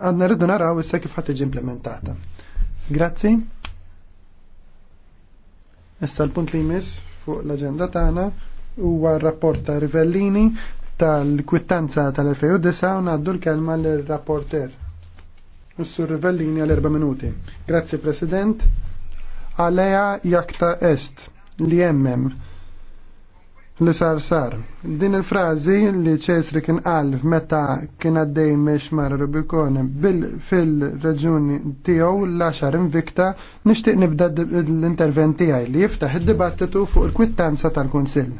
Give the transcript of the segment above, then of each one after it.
għadna rridu naraw issa kif ħat tiġi implementata. Grazzi. Issa l-punt li jmiss fuq l-aġenda tagħna huwa r-rapport ta' Rivellini tal-kwittanza tal-2009 u ngħaddu l-kelma l rapporter is Rivellini għal erba' minuti. Grazzi President. Alea jakta est li jemmem li sar sar. Din il-frazi li ċesri kien qal meta kien għaddej meċ mar Rubikone fil-raġuni tiegħu l axar invikta nixtieq nibda l interventi tiegħi li jiftaħ id-dibattitu fuq il-kwittanza tal-Kunsill.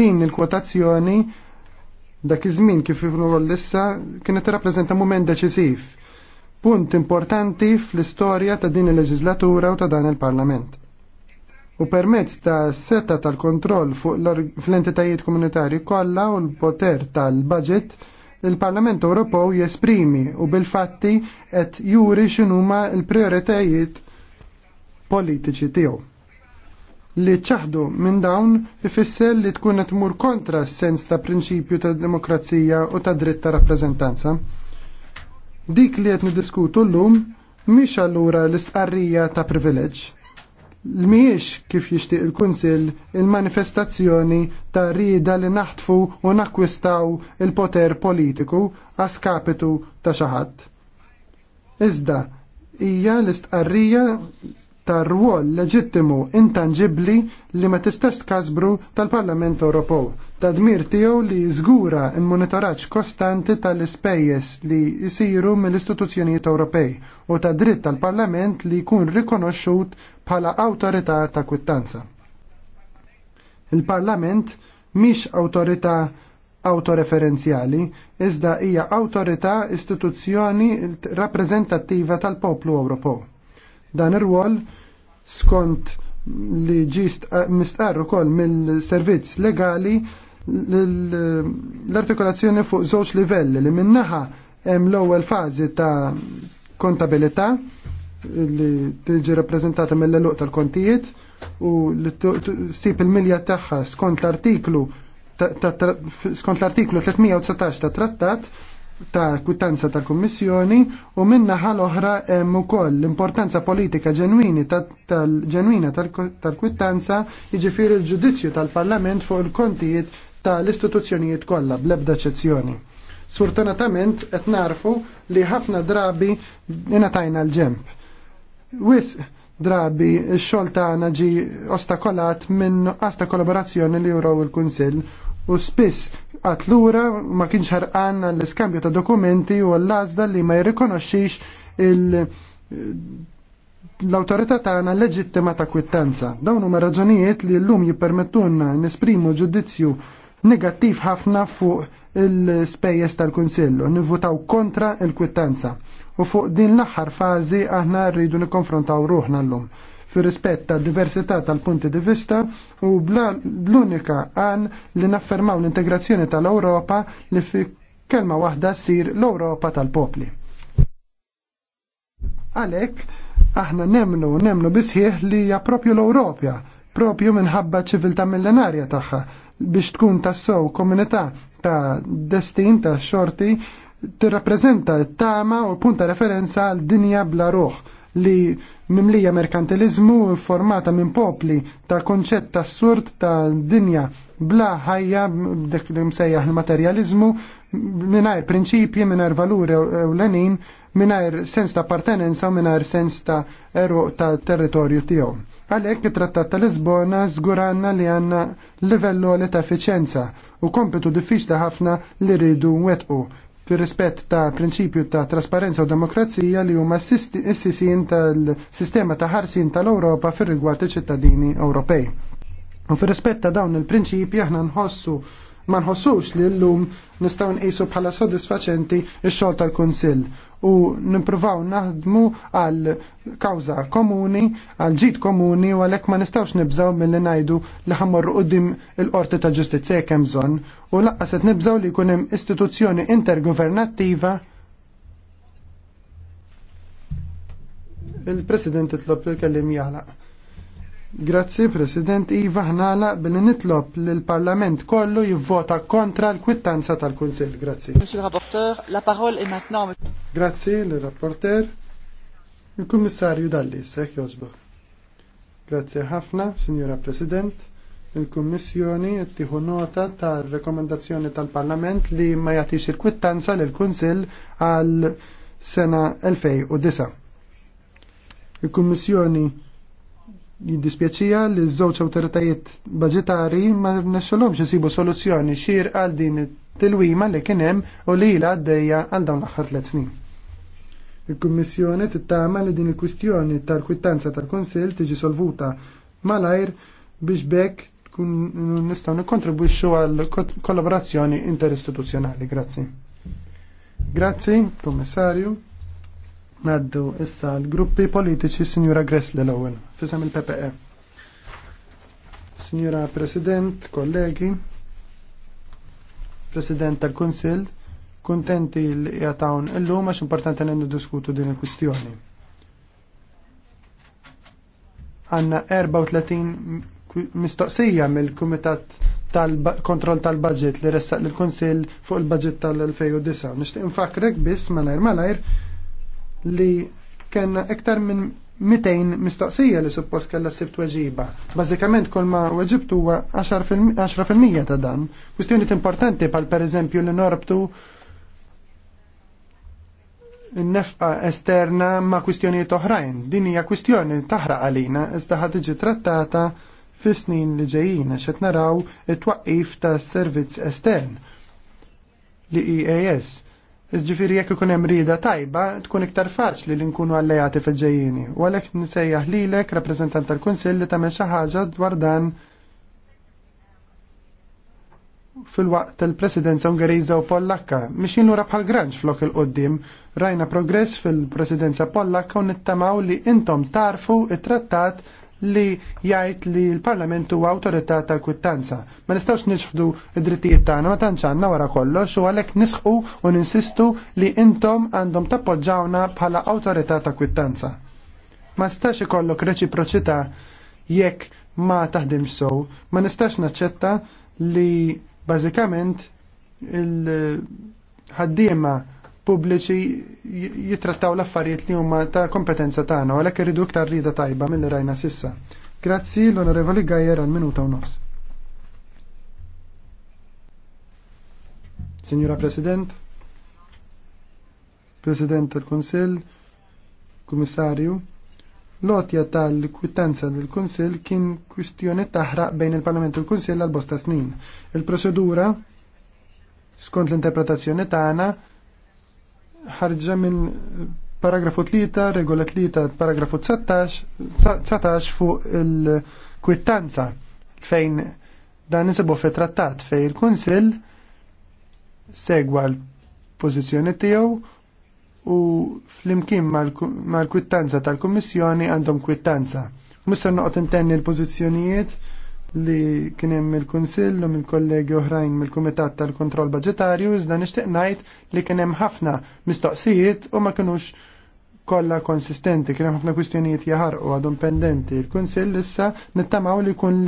Din il-kwotazzjoni dak iż-żmien kif l issa kienet tirrappreżenta mument deċisiv. Punt importanti fl-istorja ta' din il-leġislatura u ta' dan il-Parlament u permezz ta' setta tal-kontroll fuq l-entitajiet komunitarji kollha u l-poter tal-budget il-Parlament Ewropew jesprimi u bil-fatti qed juri x'inhuma l-prioritajiet politiċi tiegħu. Li ċaħdu minn dawn ifisser li tkun qed tmur kontra s-sens ta' prinċipju ta' demokrazija u ta' dritt ta' rappreżentanza. Dik li qed niddiskutu llum mhix allura l-istqarrija ta' privileġġ L miex kif jixtieq il-Kunsill il-manifestazzjoni ta' rida li naħtfu u nakwistaw il-poter politiku għaskapitu ta' xaħat. Iżda, hija l-istqarrija ta' rwol leġittimu intangibli li ma tistax tkasbru tal-Parlament Ewropew ta' dmir tiegħu li żgura l-monitoraġġ kostanti tal-ispejjeż li jsiru mill-istituzzjonijiet Ewropej u ta' dritt tal-Parlament li jkun rikonoxxut bħala awtorità ta' kwittanza. Il-Parlament mhix awtorità autoreferenziali, iżda hija awtorità istituzzjoni rappreżentattiva tal-poplu Ewropew. Dan ir-rwol skont li ġist eh, mistqarru kol mill-servizz legali l-artikolazzjoni fuq żewġ livelli li minnaħa hemm l-ewwel fażi ta' kontabilità li tiġi rappresentata mill-eluq tal-kontijiet u li sip il-milja tagħha skont l-artiklu skont l-artiklu 319 ta' trattat ta' kwitanza ta' kummissjoni u minna ħal oħra hemm ukoll l-importanza politika ġenwini tal-ġenwina tal-kwittanza jiġifieri l-ġudizzju tal-Parlament fuq il-kontijiet tal-istituzzjonijiet kollha bl-ebda eċezzjoni sfortunatament qed narfu li ħafna drabi inatajna l-ġemp. Wis drabi x-xogħol tagħna ġi ostakolat minn għasta kollaborazzjoni li juraw il-Kunsill u spiss qatt lura ma kienx ħarqan l-iskambju ta' dokumenti u l lazda li ma jirrikonoxxix il- l-autorità tagħna leġittima ta' kwittanza. Dawn huma raġunijiet li llum jippermettunna nesprimu ġudizzju negattiv ħafna fuq il-spejjeż tal-Kunsill u nivvutaw kontra il-kwittanza. U fuq din l-aħħar fażi aħna rridu nikkonfrontaw ruħna l-lum fir rispett tad diversità tal-punti di vista u bl-unika għan li naffermaw l-integrazzjoni tal-Ewropa li fi kelma waħda ssir l-Ewropa tal-popli. Għalhekk aħna nemnu nemnu bisħieħ li hija propju l-Ewropja, propju minħabba ċiviltà millenarja tagħha biex tkun tassow komunità ta' destin ta' xorti tirrappreżenta t-tama u punta referenza għal dinja bla ruħ li mimlija merkantilizmu formata minn popli ta' konċett assurd ta' dinja bla ħajja dak li msejjaħ il materializmu mingħajr prinċipji, mingħajr valuri ewlenin, minnajr sens ta' appartenenza u mingħajr sens ta' eru ta' territorju tiegħu. Għalhekk it-Trattat ta' Lisbona żguranna li għandna livello li ta' effiċenza u kompetu diffiċli ħafna li rridu nwettqu fir rispett ta' prinċipju ta' trasparenza u demokrazija li huma s-sisin tal-sistema ta' ħarsin tal-Ewropa fir rigward iċ-ċittadini Ewropej. U fir rispett ta' dawn il-prinċipji aħna nħossu ma nħossux li llum nistgħu nqisu bħala sodisfaċenti x-xogħol tal-Kunsill u nippruvaw naħdmu għal kawża komuni, għal ġid komuni u għalhekk ma nistgħux nibżgħu milli ngħidu li ħammorru qudiem il-Qorti ta' Ġustizzja jekk hemm bżonn u laqqaset qed nibżgħu li jkun hemm istituzzjoni intergovernattiva il-President itlob il kellim jaħlaq. Grazzi President Iva Hnala, billi nitlob li l-Parlament kollu jivvota kontra l-kwittanza tal-Kunsill. Grazzi. Monsieur le rapporteur, la parole est maintenant. Grazzi le rapporter Il-Kummissarju Dalli, seħ jozbok. Grazzi ħafna, Signora President. Il-Kummissjoni jittiħu nota tal-rekomendazzjoni tal-Parlament li ma jagħtix il-kwittanza l kunsill għal sena 2009. Il-Kummissjoni jiddispjaċija li ż-żewġ awtoritajiet budgetari ma rnexxolhomx isibu soluzzjoni xir għal din it-tilwima li kien hemm u li ilha għaddejja għal dawn l-aħħar tliet snin. Il-Kummissjoni tittama li din il-kwistjoni tal-kwittanza tal-Kunsill tiġi solvuta malajr biex bekk nistgħu nikkontribwixxu għal kollaborazzjoni interistituzzjonali. Grazzi. Grazzi, Kummissarju. Naddu issa l-gruppi politiċi Sinjura Gressle l-ewwel, fisem il-PPE. Sinjura President, kollegi, President tal-Kunsill, kuntenti li jatawn illum għax importanti nendu diskutu din il-kwistjoni. Għanna 34 mistoqsija mill-Kumitat tal-kontroll tal-budget li ressaq l-Kunsill fuq il-budget tal-2009. Nixtieq infakrek biss malajr malajr li kena iktar minn 200 mistoqsija li suppost kella sibt weġiba. Bazzikament kol ma weġibtu 10% ta' dan. Kwistjoniet importanti pal per eżempju li norbtu nefqa esterna ma kustjoni oħrajn. Din hija kwistjoni taħra għalina iżda ħad tiġi trattata fis-snin li ġejjin xet naraw it-twaqqif ta' servizz estern li EAS Iġġifiri jekk ikun hemm rida tajba tkun iktar faċli li nkunu allejati fil ġejjini U għalhekk nsejjaħ lilek rappreżentant tal-Kunsill li tagħmel xi ħaġa dwar dan fil-waqt tal-presidenza Ungeriża u Pollakka. Mixin lura bħal granġ flok il-qoddim, rajna progress fil-presidenza Pollakka u nittamaw li intom tarfu it-trattat li jgħid li l-Parlament huwa awtorità tal-kwittanza. Ma nistgħux niġħdu id-drittijiet tagħna ma tantx għandna wara kollox u għalhekk nisħu u ninsistu li intom għandhom tappoġġawna bħala awtorità ta' kwittanza. Ma stax ikollok reċiproċità jekk ma taħdimx sow, ma nistax naċċetta li bażikament il-ħaddiema pubbliċi jitrattaw l-affarijiet li huma ta' kompetenza tagħna, għalhekk irridu iktar rida tajba mill rajna sissa. Grazzi l-Onorevoli Gajer għal minuta u nofs. Signora President, President del Konsil, Kummissarju, l-otja tal-kwittanza del kunsill kien kwistjoni taħraq bejn il-Parlament u l-Kunsill għal bosta snin. Il-prosedura, skont l-interpretazzjoni tagħna, ħarġa minn paragrafu 3, regola 3, paragrafu 19 fuq il-kwittanza fejn dan nisibu fi trattat fejn il-Kunsill segwa l-pożizzjoni tiegħu u fl-imkien mal-kwittanza tal-Kummissjoni għandhom kwittanza. Mister noqgħod intenni l-pożizzjonijiet li kien hemm il-Kunsill u mill-kollegi oħrajn mill-Kumitat tal-Kontroll Budġetarju iżda nixtieq ngħid li kien hemm ħafna mistoqsijiet u ma kinux kollha konsistenti, kien hemm ħafna kwistjonijiet jaħarqu għadhom pendenti. Il-Kunsill issa nittamaw li jkun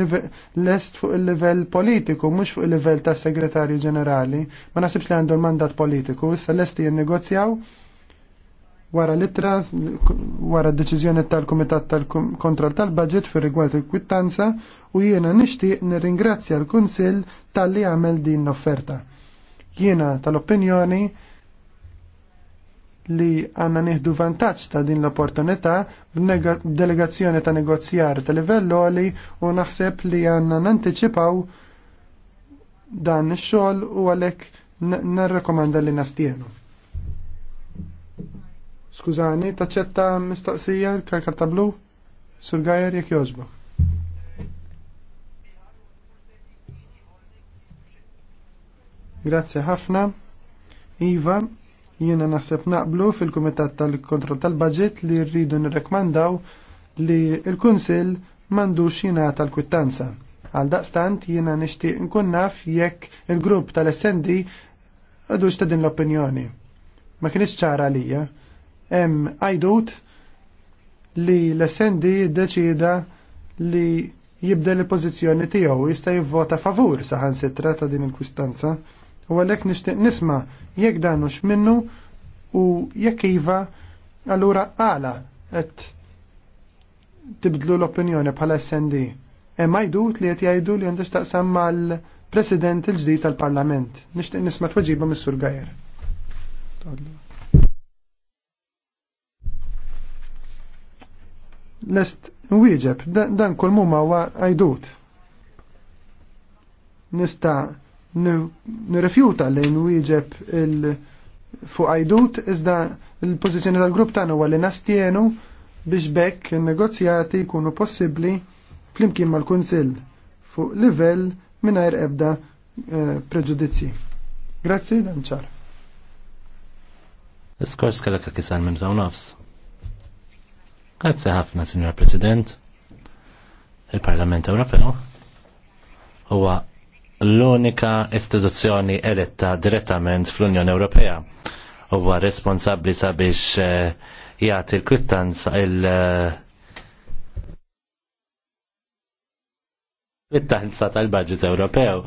lest fuq il-livell politiku mhux fuq il-livell tas-Segretarju Ġenerali. Ma naħsibx li għandu l-mandat politiku, issa lesti jinnegozjaw wara litra wara d-deċiżjoni tal-Kumitat tal-Kontroll tal-Budget fir rigward il-kwittanza u jiena nixtieq nirringrazzja l-Kunsill tal-li għamel din l-offerta. Jiena tal-opinjoni li għanna nieħdu vantaġġ ta' din l-opportunità b'delegazzjoni ta' negozjar ta' livell oli u naħseb li għanna nanticipaw dan ix-xogħol u għalhekk narrekomanda li nastienu. Skużani, taċċetta mistoqsija l-karta blu? Sur Gajer jek joġbok. Grazie ħafna. Iva, jiena naħseb naqblu fil-Kumitat tal-Kontroll tal-Budget li rridu nirrekmandaw li l-Kunsill mandu xina tal-kwittanza. Għal daqstant jiena nixtieq nkun naf jekk il-grupp tal-SND għadux ta' din l-opinjoni. Ma kienx ċara għalija hemm għajdut li l-SND deċida li jibdel il-pożizzjoni tiegħu jista' jivvota favur saħan sitra ta' din il-kwistanza u għalhekk nixtieq nisma' jekk danux minnu u jekk iva allura għala qed tibdlu l-opinjoni bħala SND. Hemm għajdut li qed jgħidu li għandux taqsam mal-President il-ġdid tal-Parlament. Nixtieq nisma' tweġiba mis-Sur Gajer. lest nwieġeb, dan kol mumma wa għajdut. Nista nirrifjuta li nwieġeb il- fuq għajdut, iżda il-pozizjoni tal-grupp tagħna huwa li nastienu biex bekk in-negozjati jkunu possibbli flimkien mal-Kunsill fuq livell mingħajr ebda eh, preġudizzji. preġudizzi. Grazzi, dan ċar. Iskors kellek kisan minn dawn nafs. Grazie ħafna, Signor President. Il-Parlament Ewropew huwa l-unika istituzzjoni eletta direttament fl-Unjoni Ewropea. Huwa responsabbli sabiex eh, jagħti l-kwittanza il- eh, kwittanza tal-budget Ewropew.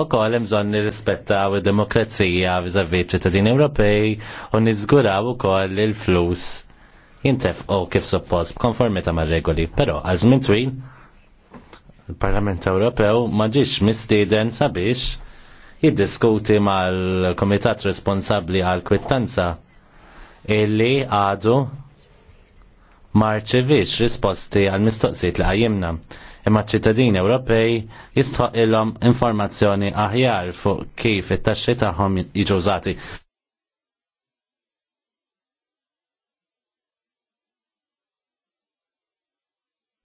U hemm bżonn nirrispettaw id-demokrazija viżavi ċittadini Ewropej u niżguraw ukoll il-flus jintefqu kif suppost ta' mar-regoli, però għal żmien twil il-Parlament Ewropew ma ġiex mistieden sabiex jiddiskuti mal-Komitat responsabbli għal kwittanza illi għadu marċevix risposti għal mistoqsijiet li għajimna. Imma ċittadini Ewropej jistħoq informazzjoni aħjar fuq kif it-taxxi tagħhom jiġużati.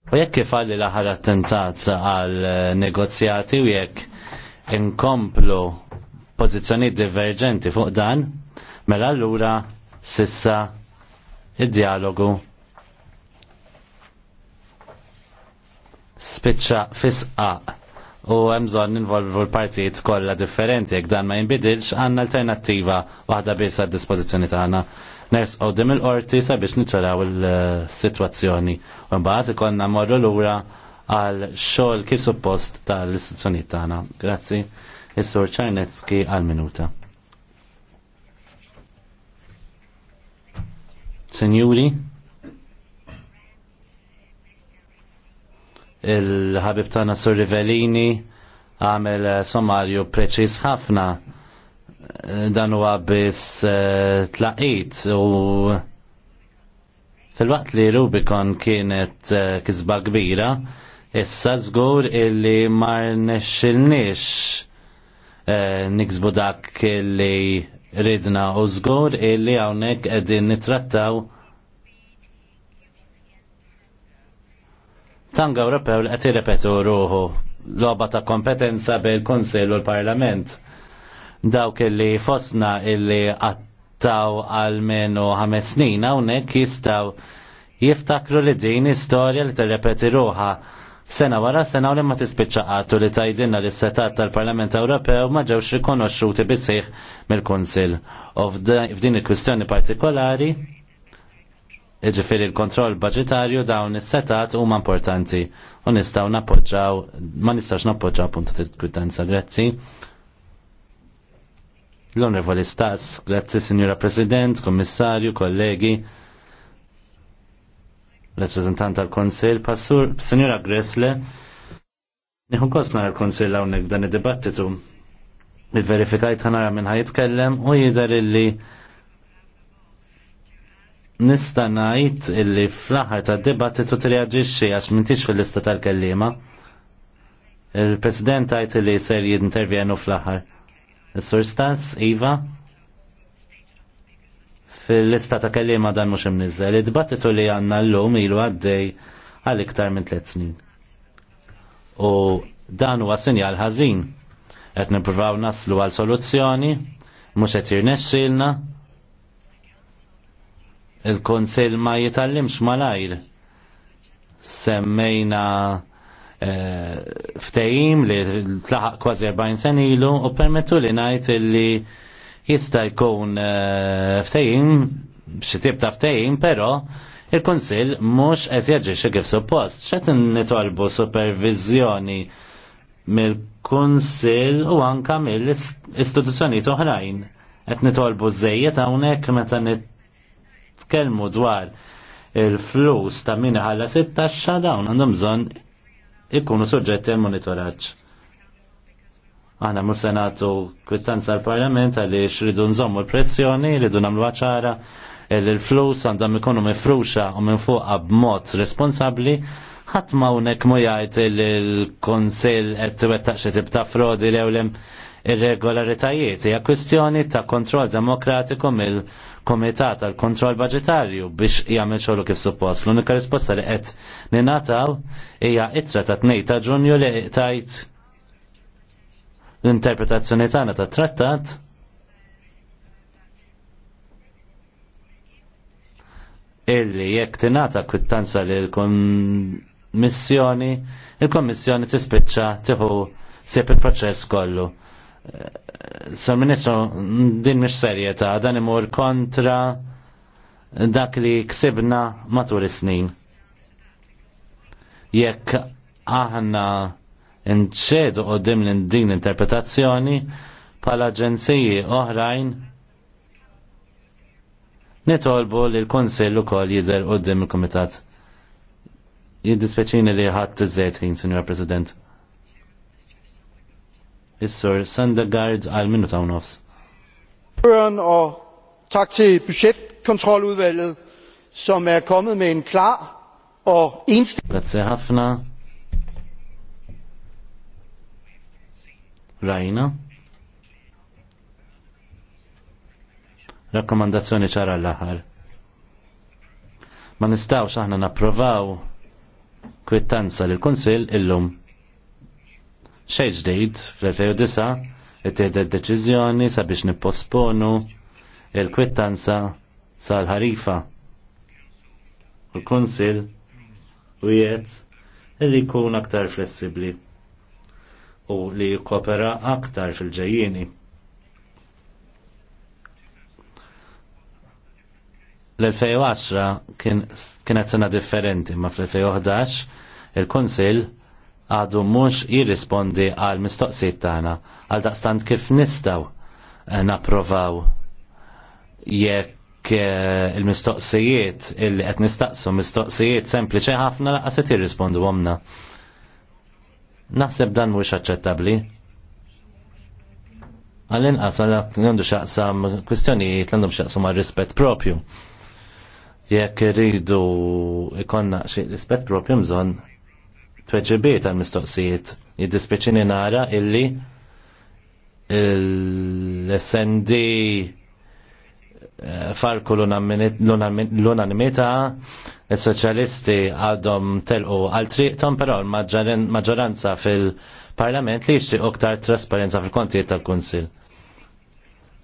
U jekk kif għalli l-aħħar attentat għal eh, negozjati u jekk inkomplu pozizjoni diverġenti fuq dan, mela allura sissa id-dialogu spiċċa fisqa u bżonn involvu l-partijiet kollha differenti jekk dan ma jinbidilx għandna alternattiva waħda biss għad-dispożizzjoni tagħna ners u dim il-qorti sabiex niċċaraw il-situazzjoni. U mbagħad ikonna morru lura għal xogħol kif suppost tal-istituzzjonijiet tagħna. Grazzi. Is-Sur Czarnecki għal minuta. Senjuri, il-ħabib tagħna Sur Rivellini għamel sommarju preċiż ħafna dan huwa biss eh, tlaqit u fil-waqt li Rubicon kienet eh, kisba kbira, issa żgur illi ma nexxilniex eh, niksbu dak illi ridna u żgur illi hawnhekk qegħdin nittrattaw tanga Ewropew li qed irrepetu ruħu logħba ta' kompetenza il kunsill u l-Parlament dawk li fosna illi għattaw għal menu ħames snin hawnhekk jistgħu jiftakru li din istorja li tirrepeti ruħa sena wara sena u li ma tispiċċa għattu li tajdinna li s-setat tal-Parlament Ewropew ma ġewx rikonoxxuti bisih mill-Kunsil. U f'din il-kwistjoni partikolari, iġifiri il-kontroll budgetarju dawn is-setat huma importanti u nistgħu nappoġġaw ma nistgħux nappoġġaw punta tit kwittanza Grazzi. L-Onorevoli Stas, grazie Signora President, Kommissarju, kollegi, rappresentant tal-Konsil, Passur, Signora Gressle, Nħu kosna l-Konsil għawnek dan id-dibattitu. Il-verifikajt ħanara minn ħajitkellem u jider illi nista ngħid illi fl-aħħar tad-dibattitu tirreaġixxi għax m'intix fil-lista tal-kellima. Il-President għajt illi ser jintervjenu fl-aħħar. Il-surstans, Iva, fil-lista ta' kellima dan mux imnizzel, id-battitu li għanna l-lum ilu għaddej għal iktar minn tliet snin. U dan huwa sinjal ħażin qed nippruvaw naslu għal soluzzjoni mhux qed jirnexxielna il kunsill ma jitallimx malajr semmejna Eh, ftejim li tlaħaq kważi 40 sen ilu u permettu li najt li jista jkun eh, ftejim xi tip ta' ftejim, però il-Kunsill mhux qed jaġixxi kif suppost. X'qed nitolbu supervizjoni mill-Kunsill u anka mill-istituzzjonijiet oħrajn. Qed nitolbu żejjed hawnhekk meta nitkellmu dwar il-flus ta' min ħalla sittaxxa dawn għandhom bżonn ikunu soġġetti għal monitoraġġ. Aħna mu se nagħtu kwittanza għall parlament għaliex xridu nżommu l-pressjoni, ridu nagħmlu ċara l-flus għandhom ikunu mifruxa u minn b b'mod responsabbli ħadd ma hawnhekk mu jgħid il-Kunsill qed twettaq xi tib ta' frodi l ewlem irregolaritajiet. Hija kwistjoni ta' kontroll demokratiku mill komitat għal kontroll budgetarju biex jagħmel xogħlu kif suppost. L-unika risposta li qed ninataw hija itra ta' tnej ta' Ġunju li tajt l-interpretazzjoni tagħna ta' trattat illi jekk tingħata kwittanza li l-Kommissjoni, il-Kommissjoni tispiċċa tieħu sepp il-proċess kollu. Sal Ministru, din mish serjetà, dan imur kontra dak li ksibna matul is-snin. Jekk aħna nċedu dim l din interpretazzjoni pala ġenziji oħrajn nitolbu li l-Konsill ukoll jidher dim il-Kumitat. Jiddispeċini li ħadd iżejt ħin, Signor President. Is-sur Sandegard għal minu ta' nofs. Ordføreren og tak til budgetkontroludvalget, som er kommet med en klar og enstemmig... Grazie Hafna. Raina. Rakkomandazzjoni ċara l-aħħar. Ma nistawx aħna napprovaw kwittanza l-Konsil illum xej ġdejt fl-2009 it-tieħdet deċiżjoni sabiex nipposponu il-kwittanza sal-ħarifa. U l-Kunsil u jgħid li jkun aktar flessibbli u li jkopera aktar fil ġejjini L-2010 kienet sena differenti, ma fl-2011 il-Kunsil għadu mhux jirrispondi għal mistoqsijiet tagħna għal daqstant kif nistgħu eh, napprovaw jekk eh, il-mistoqsijiet illi qed nistaqsu mistoqsijiet sempliċi ħafna laqas se tirrispondu omna. Naħseb dan mhux aċċettabbli. Għall-inqas għandu xaqsam kwistjonijiet għandhom xaqsam għal rispett propju. Jekk irridu ikonna xi rispett propju bżonn tweġibiet għal mistoqsijiet. Jiddispeċini nara illi l-SND eh, farku l-unanimità il-soċjalisti għadhom telqu għal triqtom però l-maġġoranza fil-parlament li jixtieq uktar trasparenza fil-kontijiet tal-Kunsil.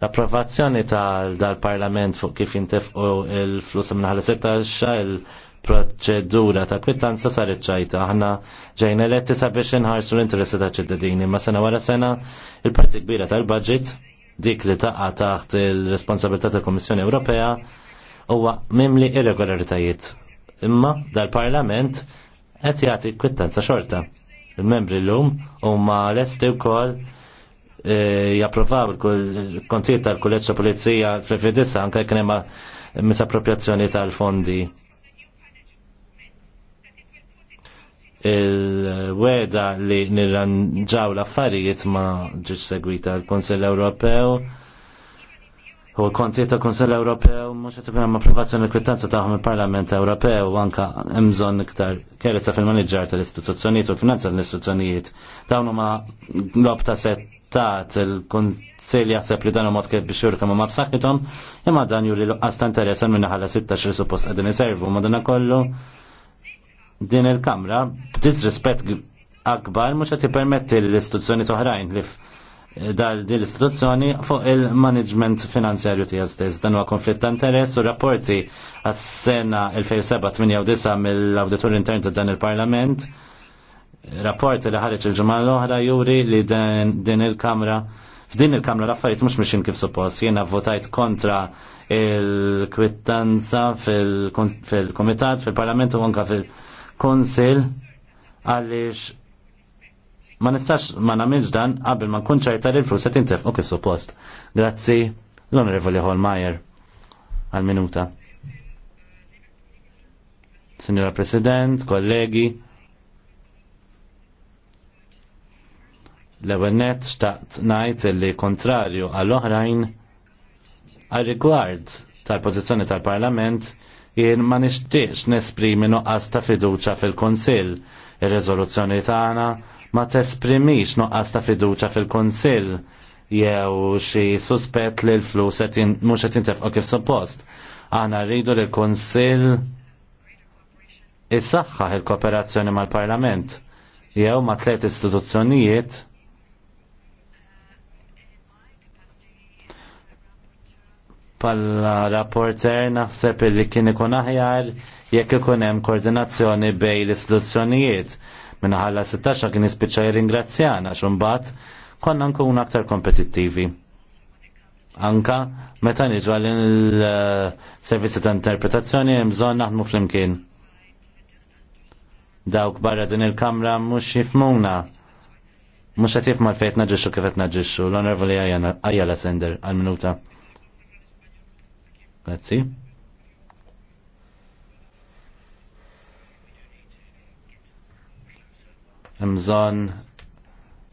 L-approvazzjoni tal-parlament fuq kif jintefqu il-flus minnaħal 16, proċedura ta' kwittanza sar iċ-ċajta. Aħna ġejna eletti sabiex nħarsu l-interessi ta' ċittadini, ma sena wara sena il-parti kbira tal-budget dik li taqa taħt il-responsabilità ta' Komissjoni Ewropea huwa mimli irregolaritajiet. Imma dal-Parlament qed jagħti kwittanza xorta. Il-membri l-lum huma lesti wkoll e, japprovaw il-kontijiet tal-kulleġġ ta' pulizija fl-fidissa anke kien hemm misappropriazzjoni tal-fondi il-weda li nirranġaw l-affarijiet ma ġiġ segwita l-Konsell Ewropew u kontiet ta' Konsell Ewropew mhux qed ikun approvazzjoni l kwittanza tagħhom il-Parlament Ewropew anke hemm bżonn iktar kerezza fil-maniġġar tal-istituzzjonijiet u l-finanza tal-istituzzjonijiet dawn huma lob ta' settat il-Konsell jaħseb li dan mod kif biex jurka ma' b'saħħithom imma dan juri l-qas ta' minna ħala ħalla 16 suppost qegħdin iservu ma' dan kollu din il-Kamra b'disrispett akbar mhux qed permetti l-istituzzjoni toħrajn li dal din l-istituzzjoni fuq il-management finanzjarju tiegħu stess. Dan huwa konflitt ta' interess u rapporti għas-sena 2007-2009 mill-Awditur Intern ta' dan il-Parlament rapporti li ħareġ il-ġimgħa l-oħra juri li din il-Kamra f'din il-Kamra l-affarijiet mhux mixin kif suppost. Jiena votajt kontra il-kwittanza fil-Komitat, fil-Parlament u anka fil-, -komitat, fil konsil għaliex ma nistax ma namilx dan qabel ma nkun ċerta li l-flus qed intef kif suppost. Grazzi l-Onorevoli Holmajer għal minuta. Signora President, kollegi, l-ewwel nett xtaqt ngħid li kontrarju għall oħrajn għal rigward tal-pożizzjoni tal-Parlament jien ma nixtiex nesprimi nuqqas ta' fiduċa fil kunsill Ir-riżoluzzjoni tagħna ma tesprimix nuqqas ta' fiduċa fil kunsill jew xi suspett li l-flus mhux qed jintefqu kif suppost. Aħna rridu li l-Konsill issaħħaħ il-kooperazzjoni mal-Parlament jew ma tliet istituzzjonijiet Palla rapporter naħseb li kien ikun aħjar jekk ikun hemm koordinazzjoni bej l-istituzzjonijiet. Minna ħalla 16 kien jispiċċa jirringrazzjana għax imbagħad konna nkun aktar kompetittivi. Anka meta niġu għal il-servizzi ta' interpretazzjoni hemm bżonn naħdmu flimkien. Dawk barra din il-kamra mhux jifmuna. Mux għatif mal fejt naġiċu kif qed naġixxu l-onorvoli Ajala Sender għal-minuta. Grazzi. Mżon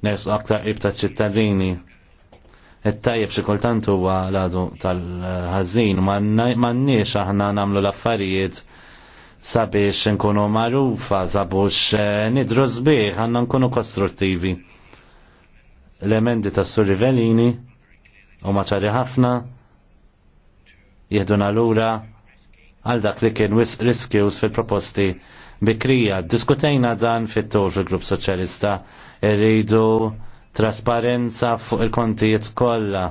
nes aktar ibta ċittadini. Il-tajjeb xi kultant huwa ladu tal-ħażin, ma nniex aħna nagħmlu l-affarijiet sabiex nkunu magħrufa, sabiex eh, nidru zbiħ, għanna nkunu kostruttivi. L-emendi tas-Surivellini u maċari ħafna jihduna lura għal dak li kien riskjus fil-proposti bikrija. Diskutejna dan fit-tur fil-Grupp Soċjalista irridu trasparenza fuq il-kontijiet kollha.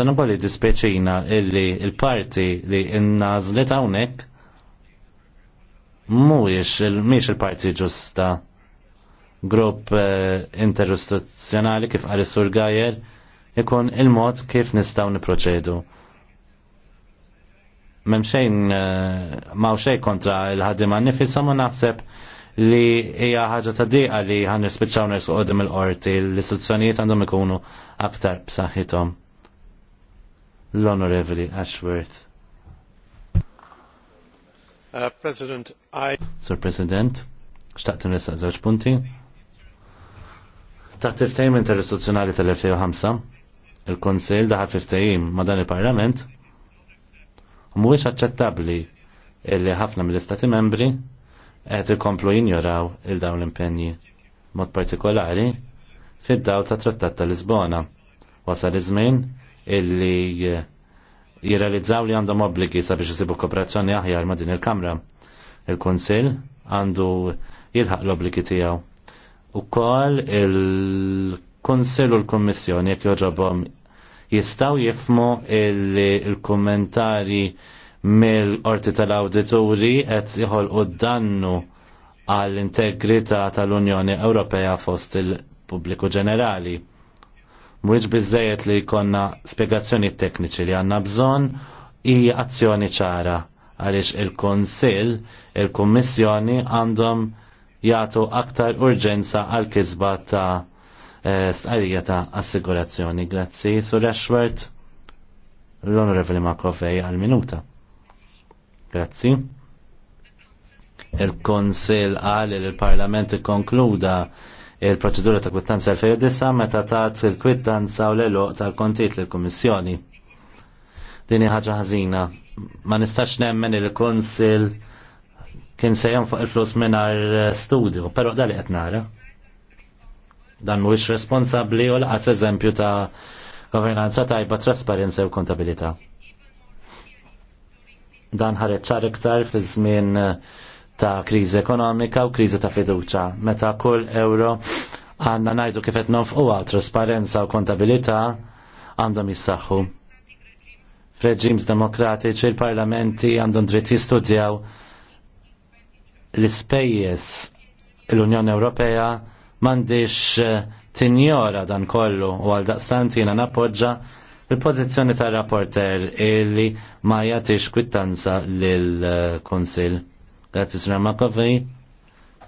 dan ukoll dispeċina illi il-parti li n-nażlet hawnhekk mhuwiex mhix il-parti ġusta grupp eh, interistituzzjonali kif qal is-Sur Gajer ikun il-mod kif nistgħu niproċedu memxejn eh, maw xej kontra il-ħadima nifissa ma naħseb li hija ħaġa ta' diqa li ħan nispiċċaw nies qoddim il-qorti l-istituzzjonijiet għandhom ikunu aktar b'saħħithom. L-Onorevoli Ashworth. Sur uh, President, I... Sir President, xtaqt nressaq żewġ punti. Taħt il-ftehim interistituzzjonali tal-2005, il-Konsil daħal fiftehim ma' dan il-Parlament, Mhuwiex aċċettabbli illi ħafna mill-Istati membri qed ikomplu jinjoraw il dawn l-impenji mod partikolari fid-daw ta' Trattat ta' Lisbona. Wasal iż-żmien illi eh, jirrealizzaw li għandhom obbligi sabiex isibu kooperazzjoni aħjar ma' din il-Kamra. Il-Kunsill għandu jilħaq l-obbligi tiegħu. Ukoll il-Kunsill u l-Kummissjoni jekk joġobhom jistaw jifmu il-kommentari mill-orti tal-awdituri qed u dannu għall-integrità tal-Unjoni Ewropea fost il-pubbliku ġenerali. Mhuwiex biżejjed li jkollna spjegazzjoni tekniċi li għandna bżonn hija azzjoni ċara għaliex il-Konsil, il-Kummissjoni għandhom jagħtu aktar urġenza għal kisba ta' stqarrija ta' assigurazzjoni. Grazzi, Sur Ashworth, l-Onorevoli Makovej għal-minuta. Grazzi. Il-Konsil għal il-Parlament ikkonkluda il-proċedura ta' kwittanza 2009 meta tat il-kwittanza u l-eluq tal kontit l-Kommissjoni. Dini ħaġa ħażina. Ma nistax nemmen il-Konsil kien sejjem fuq il-flus minar eh, studio, pero dali qed nara. Dan mhuwiex responsabbli u laqas eżempju ta' governanza tajba trasparenza u kontabilità. Dan ħareġ ċar iktar fi żmien ta' kriżi ekonomika u kriżi ta' fiduċa, meta kull euro għanna najdu kif qed nonfquha trasparenza u kontabilità għandhom jissaħħu. Reġims demokratiċi il-parlamenti għandhom dritt jistudjaw l-ispejjeż l-Unjoni Ewropea mandiċ eh, tinjora dan kollu u għal daqstantina napoġġa il-pozizjoni tal rapporter illi ma jatix kwittanza l-Konsil. Eh, Grazzi Sra. Makovi,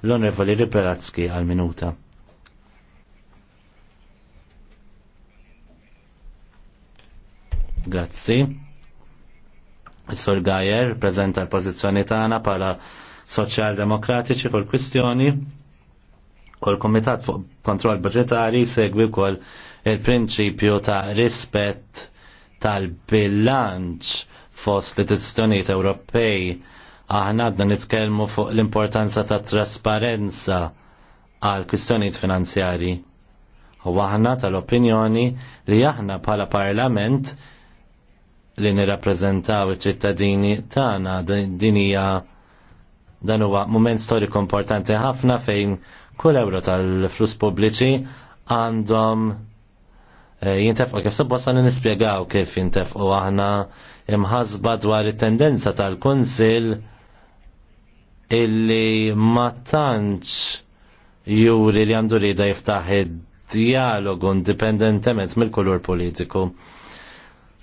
l-Onrevoli Riperazki għal-minuta. Grazzi. Sur Gajer prezenta l-pozizjoni tagħna pala Soċjaldemokratiċi demokratiċi kwistjoni kol komitat fuq kontrol budgetari segwi kol il-prinċipju ta' rispett tal-bilanċ fost t istituzzjonijiet Ewropej. Aħna għadna nitkellmu fuq l-importanza ta' trasparenza għal kwistjonijiet finanzjari. U aħna tal-opinjoni li aħna bħala parlament li nirrappreżentaw iċ-ċittadini tagħna din hija dan huwa mument storiku importanti ħafna fejn Kull euro tal-flus pubbliċi għandhom eh, jintefqu kif suppost għan nispiegaw kif jintefqu aħna imħasba dwar it-tendenza tal-Kunsil illi ma tantx juri li għandu da jiftaħ dialogu indipendentement mill-kulur politiku.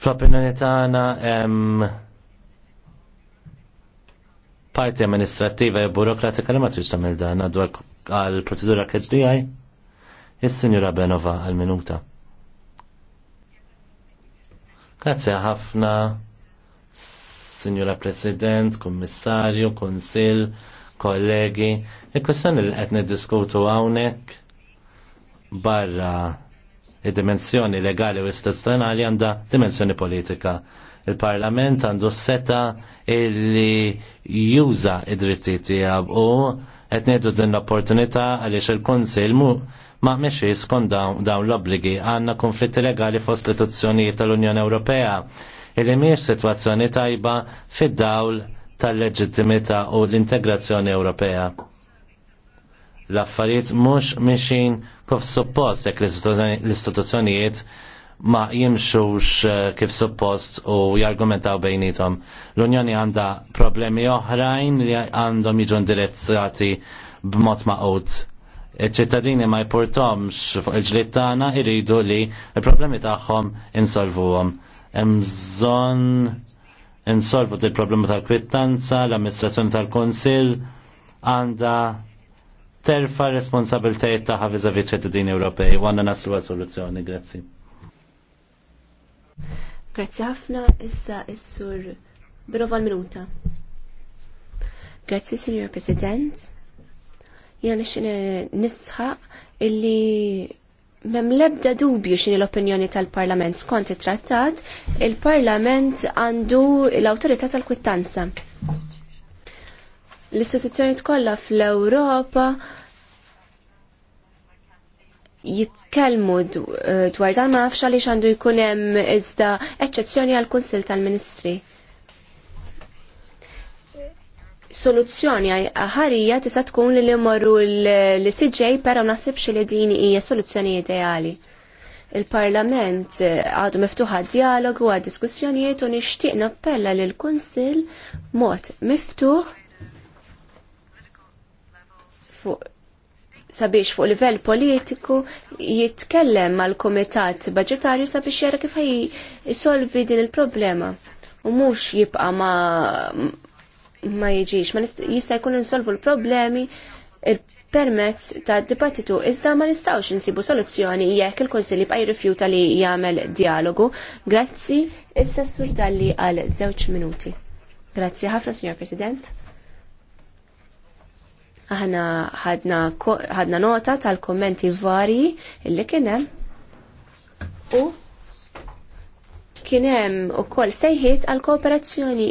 Fl-opinjoni tagħna hemm parti amministrattiva e burokratika li ma tix tagħmel dan dwar għal procedura KHDI, il-Sinjura Benova għal minuta. Grazie ħafna, Sinjura President, Kommissarju, Konsil, kollegi, il-kussan li qed diskutu hawnhekk barra id-dimensjoni legali u istituzzjonali għandha dimensjoni politika il-parlament għandu seta illi juża id-dritti tiegħu u Qed ngħidu din l-opportunità għaliex il-Kunsill mu ma meċi skont dawn l-obbligi għandna konflitti legali fost l-istituzzjonijiet tal-Unjoni Ewropea illi mhijiex sitwazzjoni tajba fid-dawl tal-leġittimità u l-integrazzjoni Ewropea. L-affarijiet mhux mixin kif suppost jekk l-istituzzjonijiet ma jimxux eh, kif suppost u jargumentaw bejnietom. L-Unjoni għandha problemi oħrajn li għandhom jiġu indirizzati b'mod maqut. Iċ-ċittadini ma jportomx fuq il ġlied tagħna jridu li l-problemi tagħhom insolvuhom. Hemm bżonn insolvu il problemi tal-kwittanza, l-amministrazzjoni tal-Konsil għandha terfa responsabiltajiet tagħha viżavi ċittadini Ewropej u għandna naslu għal soluzzjoni. Grazzi. Grazzi ħafna, issa is-sur Brova l-minuta. Grazzi, Signor President. Jena nisħaq illi Mem lebda dubju xini l-opinjoni tal-Parlament skont it-trattat, il-Parlament għandu l-autorità tal-kwittanza. L-istituzzjoni tkollha fl-Ewropa jitkellmu eh, dwar dan ma nafx għaliex għandu jkun hemm iżda eċċezzjoni għal kunsil tal-Ministri. Soluzzjoni ħarija tista' tkun li morru l-CJ però naħsibx li din hija soluzzjoni ideali. Il-Parlament eh, għadu miftuħa dialogu għad diskussjonijiet u nixtieq nappella lil kunsil mod miftuħ fuq sabiex fuq livell politiku jitkellem mal komitat budgetarju sabiex jara kif ħaj jisolvi din il-problema. U mhux jibqa ma ma jiġix, ma jista' jkun insolvu l-problemi permezz ta' dibattitu iżda ma nistawx insibu soluzzjoni jekk il konsili bqaj rifjuta li jagħmel dialogu. Grazzi, issa sur dalli għal żewġ minuti. Grazzi ħafna, Signor President aħna ħadna nota tal-kommenti varji illi kienem u kienem u kol sejħiet għal kooperazzjoni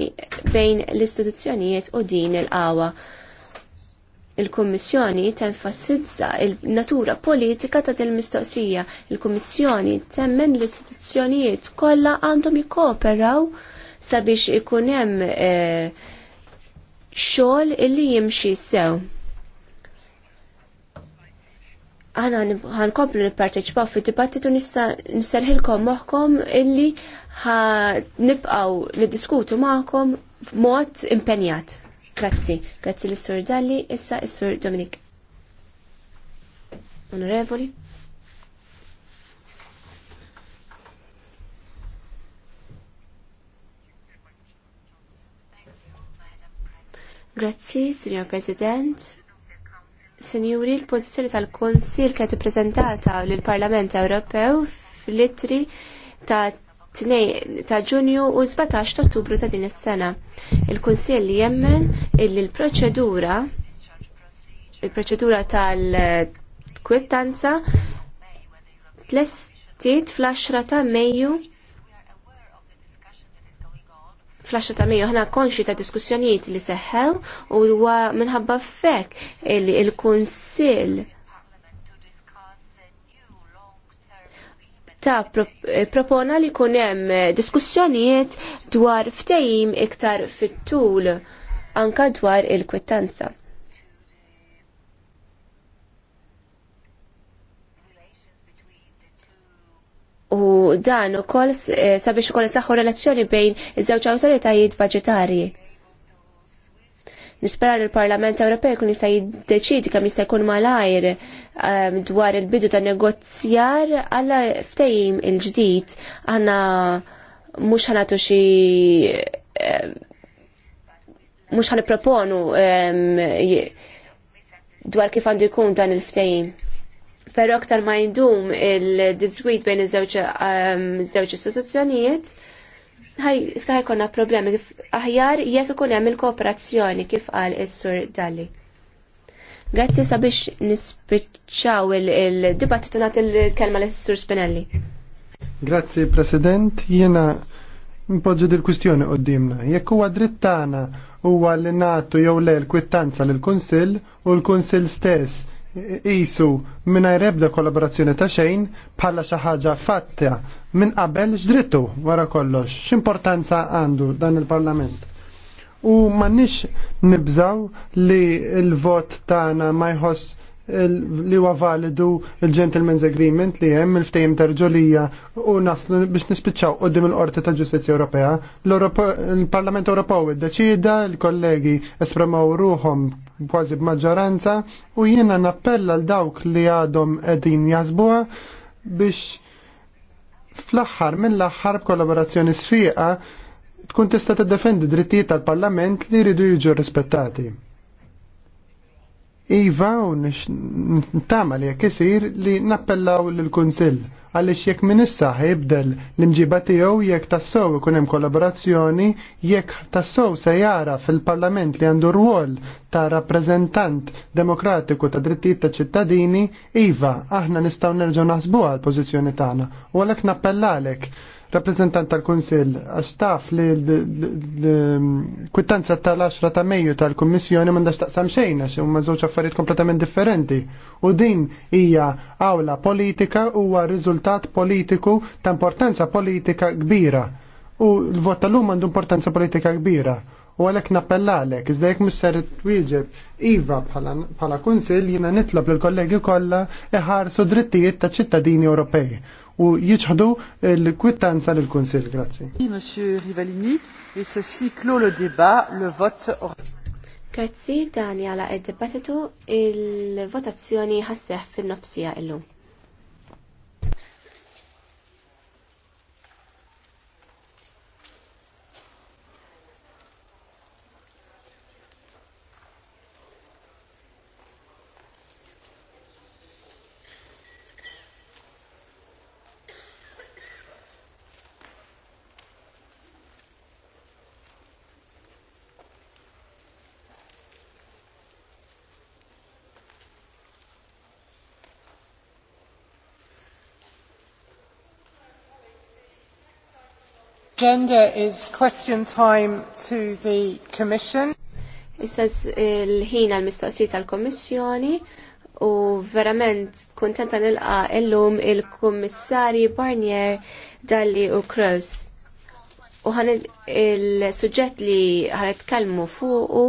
bejn l-istituzzjonijiet u din il-qawa. Il-Kommissjoni tenfasizza il-natura politika ta' il-mistoqsija. Il-Kommissjoni temmen l-istituzzjonijiet kollha għandhom jikkooperaw sabiex ikunem eh, xogħol illi jimxi sew aħna komplu nipparteċipaw fi dibattitu nisserħilkom moħkom illi nibqaw niddiskutu maħkom f'mod impenjat. Grazzi. Grazzi l-Sur Dalli, issa s-Sur Dominik. Onorevoli. Grazzi, Signor President. Sinjuri, l-pożizzjoni tal-Konsil kienet ippreżentata lill-Parlament Ewropew fl-ittri ta' ta' Ġunju u 17 ta' Ottubru ta' din is-sena. Il-Kunsill jemmen illi l-proċedura il-proċedura tal-kwittanza tlestiet fl-10 ta' Mejju flasġa ta' miju ħna konxi ta' diskussjonijiet li seħħew u huwa minħabba fek il-Kunsill ta' eh, propona li hemm eh, diskussjonijiet dwar ftehim iktar fit-tul anka dwar il-kwittanza. u dan ukoll eh, sabiex kol saħħu relazzjoni bejn iż-żewġ awtoritajiet budgetarji. Nispera li l-Parlament Ewropej kun jista' jiddeċidi kemm jista' jkun malajr ehm, dwar il-bidu ta' negozjar għalla ftejim il-ġdid għandna mhux ħanatu xi ehm, mhux ħaniproponu ehm, dwar kif għandu jkun dan il-ftejim. Però aktar ma jindum il-diswit bejn iż-żewġ ehm, istituzzjonijiet, iktar konna problemi kif aħjar jekk ikun hemm il-kooperazzjoni kif qal is-sur Dalli. Grazzi sabiex nispiċċaw il-dibattitu nagħti il-kelma l sur Spinelli. Grazzi President, jiena npoġġu dil-kwistjoni qoddimna. Jekk huwa dritt tagħna huwa li nagħtu jew le l-kwittanza lill kunsill u l-Kunsill stess isu mingħajr ebda kollaborazzjoni ta' xejn bħala xi ħaġa fatta minn qabel x'drittu wara kollox, x'importanza għandu dan il-Parlament. U m'għandniex nibżaw li l-vot tagħna ma jħoss li huwa validu il-Gentleman's Agreement li hemm il-ftehim ta' rġolija u naslu biex nispiċċaw qudiem il-Qorti ta' Ġustizzja Ewropea. Il-Parlament Ewropew iddeċida, il-kollegi espremaw ruhom kważi b'maġġoranza u jiena nappella l dawk li għadhom qegħdin jasbuha biex fl-aħħar mill-aħħar b'kollaborazzjoni sfiqa tkun tista' tiddefendi drittijiet tal-Parlament li jridu jiġu rispettati. Iva, u nittama li jekk isir li nappellaw l-Kunsill għaliex jekk min issa ħibdel l-imġiba tiegħu jekk tassew ikun hemm kollaborazzjoni, jekk tassew se jara fil-Parlament li għandu rwol ta' rappreżentant demokratiku ta' drittijiet ta' ċittadini, iva, aħna nistgħu nerġgħu naħsbuha l-pożizzjoni tagħna u għalhekk nappellalek rappresentant tal-Kunsill għax taf li l-kwittanza tal-10 ta' Mejju tal-Kummissjoni m'għandax taqsam xejn għax huma żewġ affarijiet kompletament differenti. U din hija awla politika huwa riżultat politiku ta' importanza politika kbira. U l-vot tal-lum għandu importanza politika kbira. U għalek nappellalek, iżdejk mister twieġeb, Iva bħala kunsil jina nitlob l-kollegi kolla iħarsu drittijiet ta' ċittadini Ewropej u jitħdu l-kwittanza l-Konsil. Grazzi. Monsieur Rivalini, e ceci clôt le débat, le vote Grazzi, dan jala id il-votazzjoni ħasseħ fil nofsija illum. agenda is question time to the Commission. Issa l-ħin għal-mistoqsijiet tal-Kommissjoni u verament kontenta nilqa illum il kommissari Barnier Dalli u Kroos. U ħan il-suġġett li ħan fuqu